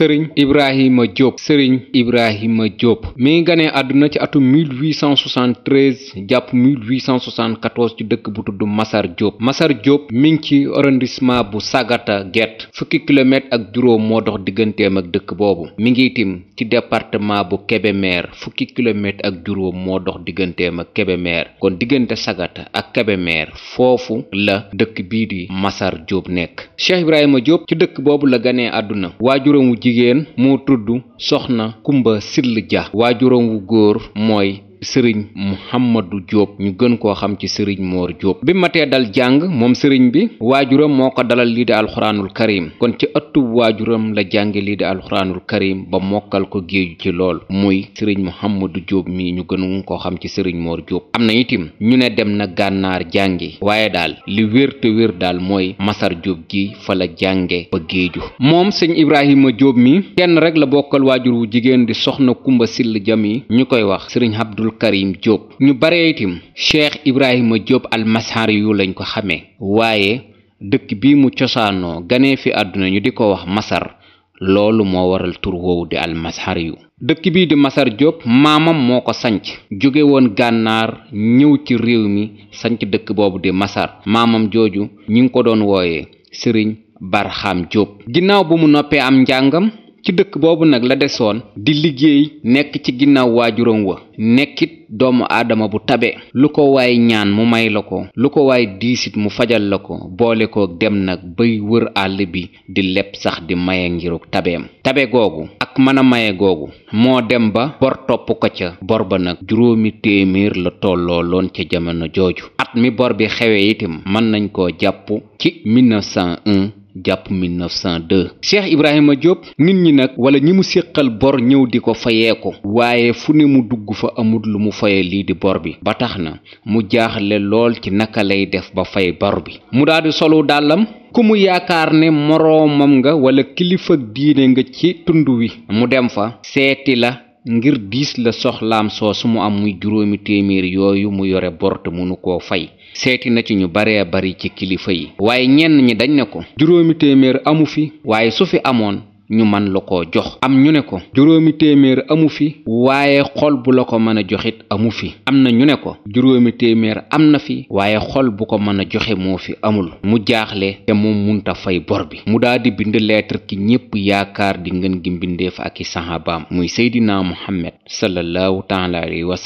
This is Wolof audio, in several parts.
sëriñ Ibrahima Diop sëriñ Ibrahima Diop mi ngi ganee àdduna ci atum 1873 jàpp 1874 ci dëkk bu tudd Massar Diop Massar Diop mi ngi ci arrondissement bu Sagata Guet fukki kilomètre ak juróom moo dox digganteem ak dëkk boobu mi ngi itim ci département bu Kébémer fukki kilomètre ak juróom moo dox digganteem ak Kébémer kon diggante Sagata ak Kébémer foofu la dëkk bii di Massar Diop nekk Cheikh Ibrahima Diop ci dëkk boobu la ganee àdduna jigéen moo tudd soxna kumba sill ja waajuram wu góor mooy sëriñ Mouhamadou Diop ñu gën koo xam ci sëriñ Mor Diop bi matee dal jàng moom sëriñ bi waajuram moo ko dalal lii di alxuraanul karim kon ci ëttub waajuram la jànge lii di alxuraanul karim ba mokkal ko géeju ci lool muy sëriñ Mouhamadou Diop mii ñu gën koo xam ci sëriñ Mor jóob am na itim ñu ne dem na gànnaar jàngi waaye daal li wér te wér daal mooy Masar Diop gi fa la jànge ba géeju moom sëñ Ibrahima Diop mi kenn rek la bokkal waajur wu jigéen di soxna Kumba Sill Jami ñu koy wax sëriñ abdul karim Diop ñu bare itam cheikh ibrahima Diop almasar yu lañ ko xamee waaye dëkk bi mu cosaanoo ganee fi àdduna ñu di ko wax masar loolu moo waral tur woowu di almasar yu dëkk bii di masar Diop maamam moo ko sanc jóge woon gànnaar ñëw ci réew mi sañc dëkk boobu di masar maamam jooju ñu ngi ko doon wooye sëriñ barxam Diop ginnaaw bu mu noppee am njàngam ci dëkk boobu nag la desoon di liggéey nekk ci ginnaaw waajuram wa nekkit doomu aadama bu tabe lu ko waay ñaan mu may la ko lu ko waay diisit mu fajal la ko boole koo dem nag bay wër àll bi di leb sax di maye ngiruk tabeem tabe googu ak mën maye googu moo dem ba bor topp ko ca bor ba nag juróomi téeméer la tolloo loon ca jamono jooju at mi bor bi xewee itam mën nañ ko jàpp ci 1901 jàpp 1902 Cheikh Ibrahima Diop nit ñi nag wala ñi mu séqal bor ñëw di ko fayee ko waaye fu ne mu dugg fa amul lu mu faye lii di bor bi ba tax na mu jaaxle lool ci naka lay def ba fay bor bi mu daldi solu dàllam ku mu yaakaar ne moroomam nga wala kilifa diine nga ci tund wi mu dem fa seeti la ngir diis la soxlaam soo su mu am muy juróomi téeméer yooyu mu yore bor te mënu koo fay seeti na ci ñu baree bari ci kilifa yi waaye ñenn ñi dañ ne ko juróomi téeméer amu fi waaye su fi amoon ñu man la ko jox am ñu ne ko juróomi téeméer amu fi waaye xol bu la ko mën a joxit amu fi am na ñu ne ko juróomi téeméer am na fi waaye xol bu ko mën a joxe moo fi amul mu jaaxle te moom munta fay bor bi mu daal di bind lettre ki ñépp yaakaar di ngeen gi mbindeef ak i sahabaam muy seydinaa muhammad sallallahu taala alayhi wa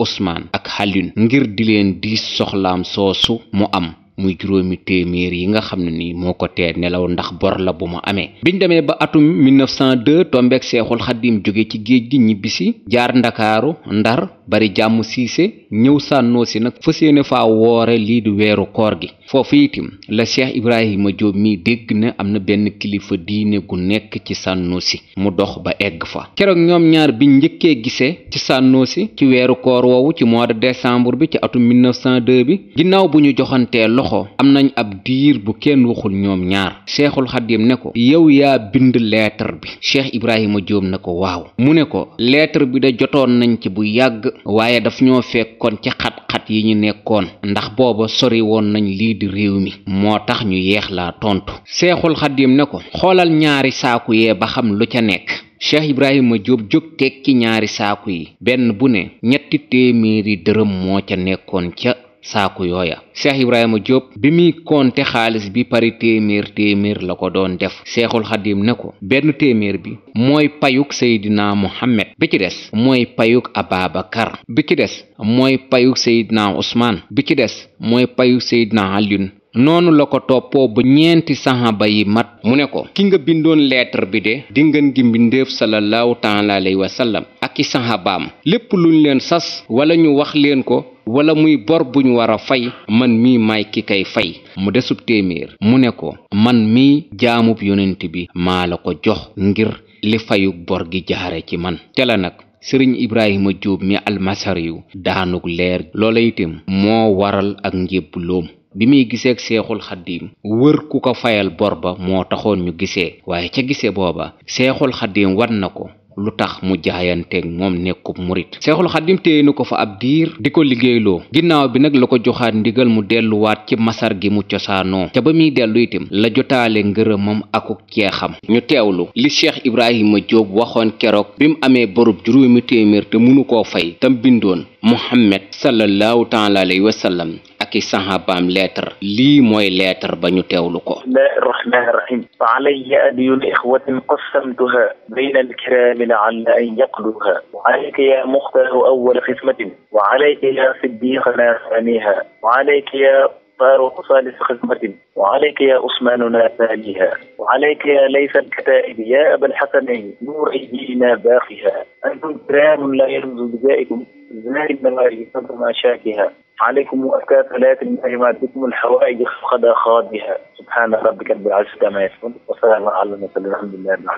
usmaan ak xalin ngir di leen di soxlaam soosu mu am muy juróomi téeméer yi nga xam ne nii moo ko tee nelaw ndax bor la bu mu amee biñ demee ba atum 1902 tombeek seexul xaddim jóge ci géej gi ñibbisi jaar ndakaaru ndar bari jàmm siise ñëw sànnoo si nag fas yéene faa woore lii di weeru koor gi foofu itim la cheikh ibrahima Diop mi dégg ne am na benn kilifa diine gu nekk ci sànnoo si mu dox ba egg fa keroog ñoom ñaar bi njëkkee gisee ci sànnoo si ci weeru koor woowu ci mois de décembre bi ci atum 1902 bi ginnaaw bu ñu joxantee loxo am nañu ab diir bu kenn waxul ñoom ñaar seexul xaddim ne ko yow yaa bind lettre bi cheikh ibrahima jóob ne ko waaw mu ne ko lettre bi da jotoon nañ ci bu yàgg waaye daf ñoo fekkoon ci xat-xat yi ñu nekkoon ndax booba sori woon nañ lii di réew mi moo tax ñu yeex laa tontu seexul xaddim ne ko xoolal ñaari saaku yee ba xam lu ca nekk cheikh ibrahima jóob jóg tekki ñaari saaku yi benn bu ne ñetti téeméeri dërëm moo ca nekkoon ca saaku yooya cheikh ibrahima diop bi muy konte xaalis bi pari téeméer téeméer la ko doon def seexul xadim ne ko benn téeméer bi mooy payuk seydina mohammed bi ci des mooy payuk ababakar bi ci des mooy payuk seydina usmaan bi ci des mooy payuk seydina aliyun noonu la ko toppoo bu ñeenti sahaba yi mat mu ne ko ki nga bindoon lettre bi de dingeen gi mbindéef sallallahu taala wa sallam ak i sahabaam lépp luñ leen sas wala ñu wax leen ko wala muy bor bu ñu war a fay man mii may ki kay fay mu desub téeméer mu ne ko man mii jaamub yonent bi maa la ko jox ngir li fayug bor gi jaare ci man te la nag sëriñ ibrahima jóob mi almasariyu daanug leer loola itam moo waral ak njébbuloom bi muy giseeg seexul xaddiim wër ku ko fayal bor ba moo taxoon ñu gisee waaye ca gisee booba seexul xaddiim wan na ko lu tax mu jaayanteeg moom nekkub murit seexul xadim téye na ko fa ab diir di ko liggéeyloo ginnaaw bi nag la ko joxaat ndigal mu delluwaat ci masar gi mu cosaanoo ca ba muy dellu itam la jotaale ngërëmam akuk ceexam ñu teewlu li cheikh ibrahima jóob waxoon keroog bi mu amee borub juróomi téeméer te mënu koo fay tam bindoon muhammad sallallahu taala alayhi wa sallam ak i sahabaam lettre lii mooy lettre ba ñu teewlu ko bismillahi rahmani rahim fa alayya adyun ixwatin qassamtuha bayna alkirami laalla an yaqluha wa alayka ya muxtaaru awwal xismatin wa alayka ya siddiqana saniha wa alayka ya فاروق ثالث خدمة وعليك يا عثماننا ثانيها وعليك يا ليث الكتائب يا أبا الحسنين نور أيدينا باخها أنتم كرام لا يرمز بجائكم زائد نواري صدر ما شاكها عليكم مؤكات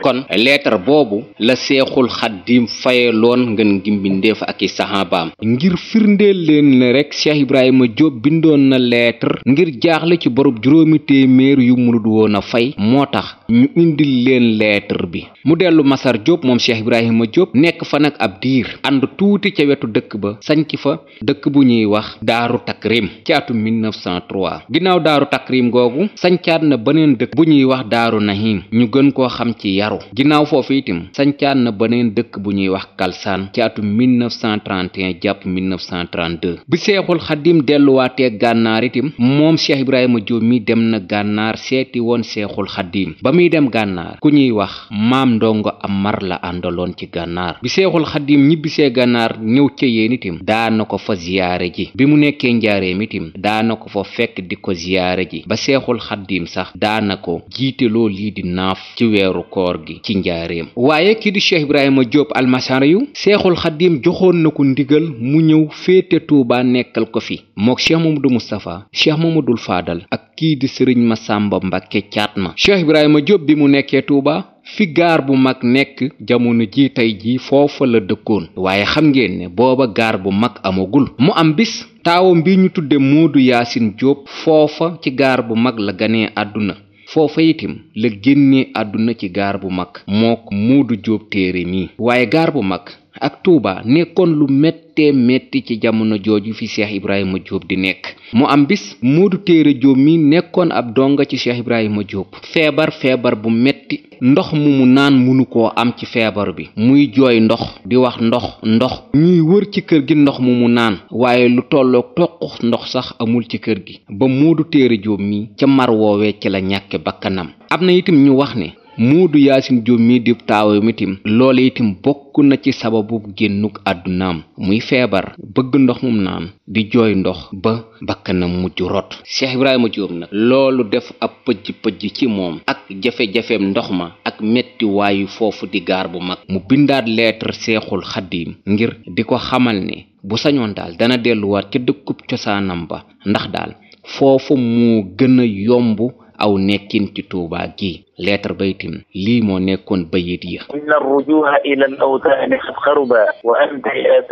kon leetar boobu la seexul xaddim fayeloon ngeen ngi mbindeef ak i saxaabaam ngir firndeel leen ne rek Cheikh Ibrahima Diop bindoon na leetar ngir jaaxle ci borub juróomi téeméer yu munut woon a fay moo tax ñu indil leen lettre bi mu dellu Masar jóob moom Cheikh Ibrahima jóob nekk fa nag ab diir ànd tuuti ca wetu dëkk ba sanc fa dëkk bu ñuy wax Daaru Takrim ci atum 1903 ginnaaw Daaru Takrim googu sancaat na beneen dëkk bu ñuy wax Daaru Nahim ñu gën koo xam ci yaru ginnaaw foofu itam sancaat na beneen dëkk bu ñuy wax Kalsaan ci atum 1931 jàpp 1932 bi Seexul Xadim delluwaatee gànnaar itam moom Cheikh Ibrahima Diop mii dem na gànnaar seeti woon Seexul Xadim muy dem gànnaar ku ñuy wax maam ndongo am mar la àndaloon ci gànnaar bi seexul xadim ñibbisee gànnaar ñëw ca yéen itim daana ko fa ziyaare ji bi mu nekkee njaareem itim daana ko fa fekk di ko ziyaare ji ba seexul xadim sax daana ko jiiteloo lii di naaf ci weeru koor gi ci njaareem waaye kii di cheikh ibrahima diop almasar yu seexul xadim joxoon na ko ndigal mu ñëw féete tuuba nekkal ko fi mook cheikh mamadou moustapha cheikh mamadou faadal ak kii di sëriñ masamba mbàkke caat ma cheikh ibrahima Jóob bi mu nekkee Tuuba fi gaar bu mag nekk jamono ji tey jii foofa la dëkkoon waaye xam ngeen ne booba gaar bu mag amagul mu am bis taawam bi ñu tudde Moodu Yaasin Jóob foofa ci gaar bu mag la ganee àdduna foofa itim la génnee àdduna ci gaar bu mag mook Moodu Jóob téere mi waaye gaar bu mag ak Touba nekkoon lu méttee métti ci jamono jooju fi seex Ibrahima jóob di nekk mu am bis Modou Téere Diop mi nekkoon ab donga ci Cheikh Ibrahima jóob feebar feebar bu metti ndox mu mu naan mënu koo am ci feebar bi muy jooy ndox di wax ndox ndox ñuy wër ci kër gi ndox mu mu naan waaye lu tollook toq ndox sax amul ci kër gi ba Modou Téere Diop mi ca mar woowee ci la ñàkke bakkanam am na itam ñu wax ni muudu yaasin jóob mii di taawe mitim loolu itim bokk na ci sababu génnuk àddunaam muy feebar bëgg ndox mum naan di jooy ndox ba bakkanam mujj rot Cheikh Ibrahima Jóob nag loolu def ab pëj-pëj ci moom ak jafe-jafeem ndox ma ak metti waayu foofu di gaar bu mag mu bindaat lettre seexul xaddiim ngir di ko xamal ne bu sañoon daal dana delluwaat ca dëkkub cosaanam ba ndax daal foofu moo gën a yomb aw nekkin ci tuubaa gi lettre baytim lii moo nekkoon bayit ya inna rujuha ila al awtaani xaruba wa ya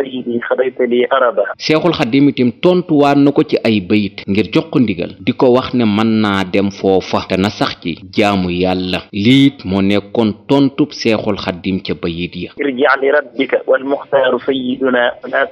seexul xadim tontuwaat na ko ci ay bayit ngir jox ndigal di ko wax ne mën naa dem foofa te na sax ci jaamu yàlla liit moo nekkoon tontub seexul xadim ca bayit ya irja li rabbika wal muxtaaru sayyiduna la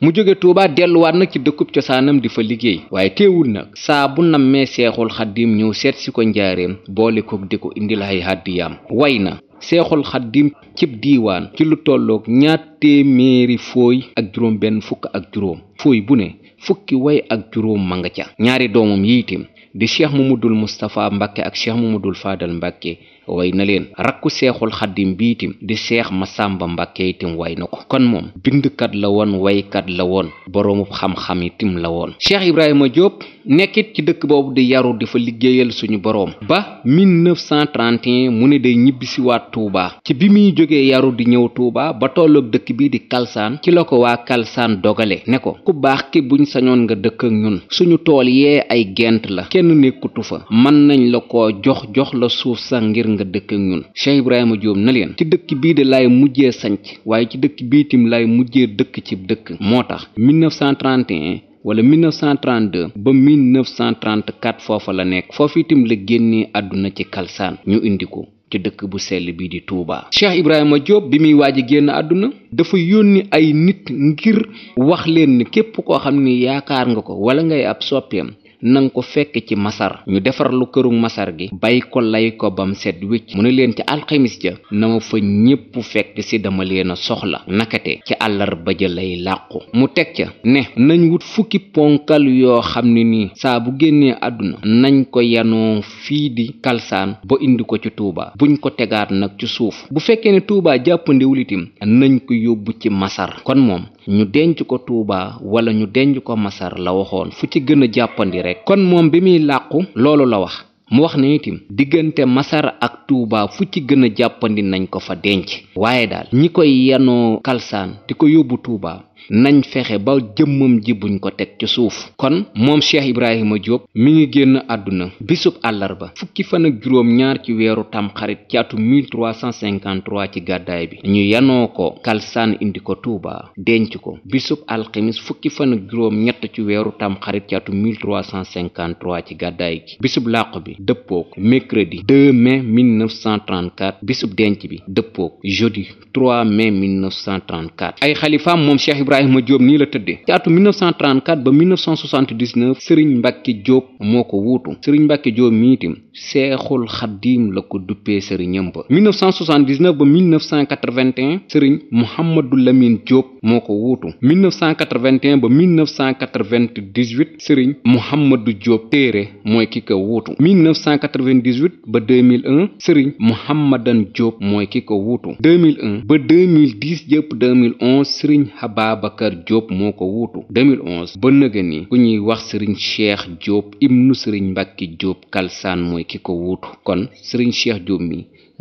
mu jóge tuubaa delluwaat nag ci dëkkub cosaanam di fa liggéey waaye teewul nag saa bu nammee seexul xadim ñëw seet si ko njaay njaareem boole kook di ko indil ay hàddiyaam way na seexul xaddim cib diiwaan ci lu tollook ñaat téeméeri fooy ak juróom benn fukk ak juróom fooy bu ne fukki way ak juróom ma nga ca ñaari doomam yiitim di mu mamadul moustapha mbàkke ak mu mamadul faadal mbàkke way na leen rakku seexul xaddim biitim di seex masàmba mbàkke itim way na ko kon moom bindkat la woon waykat la woon boroomub xam-xam la woon cheikh ibrahima diop nekkit ci dëkk boobu di yaru di fa liggéeyal suñu boroom ba 1931 mu ne day ñibbisi ñibbisiwaat Touba ci bi muy jógee yaru di ñëw Touba ba tolloog dëkk bii di Kalsaan ci la ko waa Kalsaan dogale ne ko ku baax ki buñ sañoon nga dëkk ak ñun suñu tool yee ay gent la kenn nekkutu fa mën nañ la ko jox jox la suuf sax ngir nga dëkk ak ñun Cheikh Ibrahima Diop na leen ci dëkk bii di lay mujjee sanc waaye ci dëkk biitim lay mujjee dëkk ci dëkk moo tax 1931 wala 1932 ba 1934 foofa la nekk foofu itam la génne àdduna ci kalsaan ñu indi ko ci dëkk bu sell bii di Touba. Cheikh Ibrahima Diop bi muy waaj a génn àdduna dafa yónni ay nit ngir wax leen ni képp koo xam ni yaakaar nga ko wala ngay ab soppeem nang ko fekk ci masar ñu defarlu këru masar gi bàyyi ko lay ko bam set wicc mu ne leen ci alxamis ja na ma fa ñépp fekk si dama leen a soxla nakate ca àllarba ja lay làqu mu teg ca ne nañ wut fukki ponkal yoo xam ne nii saa bu génnee àdduna nañ ko yanoo fii di kalsaan ba indi ko ci tuuba buñ ko tegaat nag ci suuf bu fekkee ne tuubaa jàppandiwul itam nañ ko yóbbu ci masar kon moom ñu denc ko Touba wala ñu denc ko Masar la waxoon fu ci gën a jàppandi rek kon moom bi muy làqu loolu la wax mu wax ne itim diggante Masar ak Touba fu ci gën a jàppandi nañ ko fa denc waaye daal ñi koy yanoo kalsaan di ko yóbbu Touba nañ fexe ba jëmmam ji buñ ko teg ca suuf kon moom Cheikh Ibrahima Diop mi ngi génn àdduna bisub àllarba fukki fan ak juróom ñaar ci weeru tamxarit ci atu 1353 ci gàddaay bi ñu yanoo ko kalsaan indi ko Touba denc ko bisub alxemis fukki fan ak juróom ñett ci weeru tamxarit ci atu 1353 ci gàddaay gi bisub làqu bi dëppoo ko mercredi 2 mai 1934 bisub denc bi dëppoo ko jeudi 3 mai 1934 ay xalifaam moom Ibrahima Diop nii la tëddee ci atu 1934 ba 1979 Serigne Mbacke Diop moo ko wuutu Serigne Mbacke Diop mii itam Seexul Xaddiim la ko duppee sëriñam ba 1979 ba 1981 Serigne Mouhamadou Lamine Diop moo ko wuutu 1981 ba 1998 Serigne Mouhamadou Diop téere mooy ki ko wuutu 1998 ba 2001 Serigne Mouhamadan Diop mooy ki ko wuutu 2001 ba 2010 jëpp 2011 Serigne Haba Babacar Diop moo ko wuutu 2011 ba nëga ni ku ñuy wax sëriñ Cheikh Diop ibnu sëriñ Mbàkke Diop Kalsaan mooy ki ko wuutu kon sëriñ Cheikh Diop mi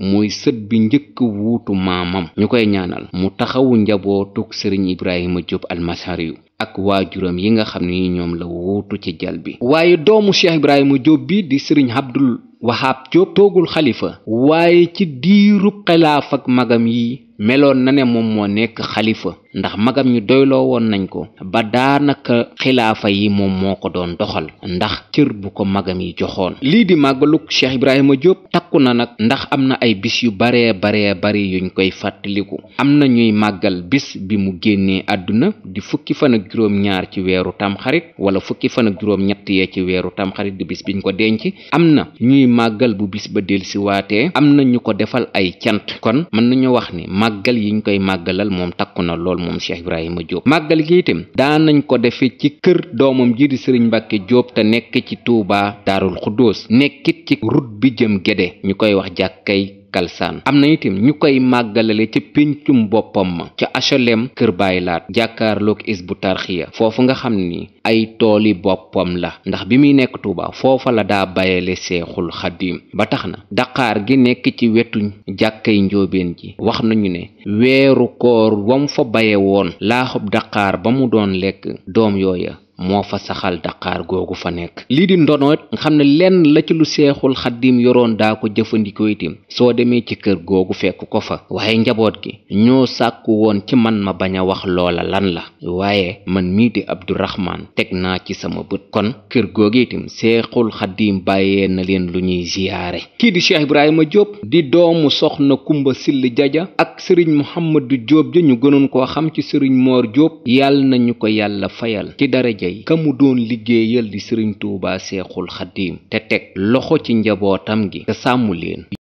mooy sët bi njëkk wuutu maamam ñu koy ñaanal mu taxawu njabootuk sëriñ Ibrahima Diop almasari yu ak waajuram yi nga xam ni ñoom la wuutu ci jal bi waaye doomu Cheikh Ibrahima Diop bi di sëriñ Abdul Wahab Diop toogul xalifa waaye ci diirub xilaaf magam yi meloon na ne moom moo nekk xalifa ndax magam ñi doyloo woon nañ ko ba daanaka xilaafa yi moom moo ko doon doxal ndax cër bu ko magam yi joxoon lii di màggaluk Cheikh Ibrahima Diop takku na nag ndax am na ay bis yu baree baree bari yuñ koy fàttaliku am na ñuy màggal bis bi mu génnee àdduna di fukki fan ak juróom-ñaar ci weeru tamxarit wala fukki fan ak juróom-ñett yee ci weeru tamxarit di bis biñ ko denc màggal bu bis ba delsi am na ñu ko defal ay cant kon mën nañu wax ni màggal yiñ koy màggalal moom takku na lool moom Cheikh Ibrahima Diop màggal gi itam daanañ ko defee ci kër doomam ji di sëriñ Mbacke jóob te nekk ci Touba Daarul Xuddoos nekkit ci route bi jëm Gédé ñu koy wax jàkkay kalsaan am na itam ñu koy màggalale ca pincum boppam ma ca HLM kër bàyyi laat jàkkaarloog isbu tarxiya foofu nga xam ni ay tooli boppam la ndax bi muy nekk Tuuba foofa la daa bayale seexul xadim ba tax na daqaar gi nekk ci wetu jàkkay njoobeen ji wax nañu ne weeru koor wam fa baye woon laaxub daqaar ba mu doon lekk doom yooya moo fa saxal daqaar googu fa nekk lii di ndono nga xam ne lenn la ci lu seexul xaddim yoroon daa ko jëfandikoo itam soo demee ci kër googu fekk ko fa waaye njaboot gi ñoo sàkku woon ci man ma bañ a wax loola lan la waaye man mii di Abdourahman teg naa ci sama bët kon kër googu itam seexul xaddim bàyyee na leen lu ñuy ziyaare kii di Cheikh Ibrahima Diop di doomu soxna Kumba Sill Jaja ak Serigne Mouhamadou Diop ja ñu gënoon koo xam ci Serigne Mor Diop yàlla nañu ko yàlla fayal ci ka mu doon liggéeyal di sëriñ Tuuba Seexul Xaddiim te teg loxo ci njabootam gi te sàmm leen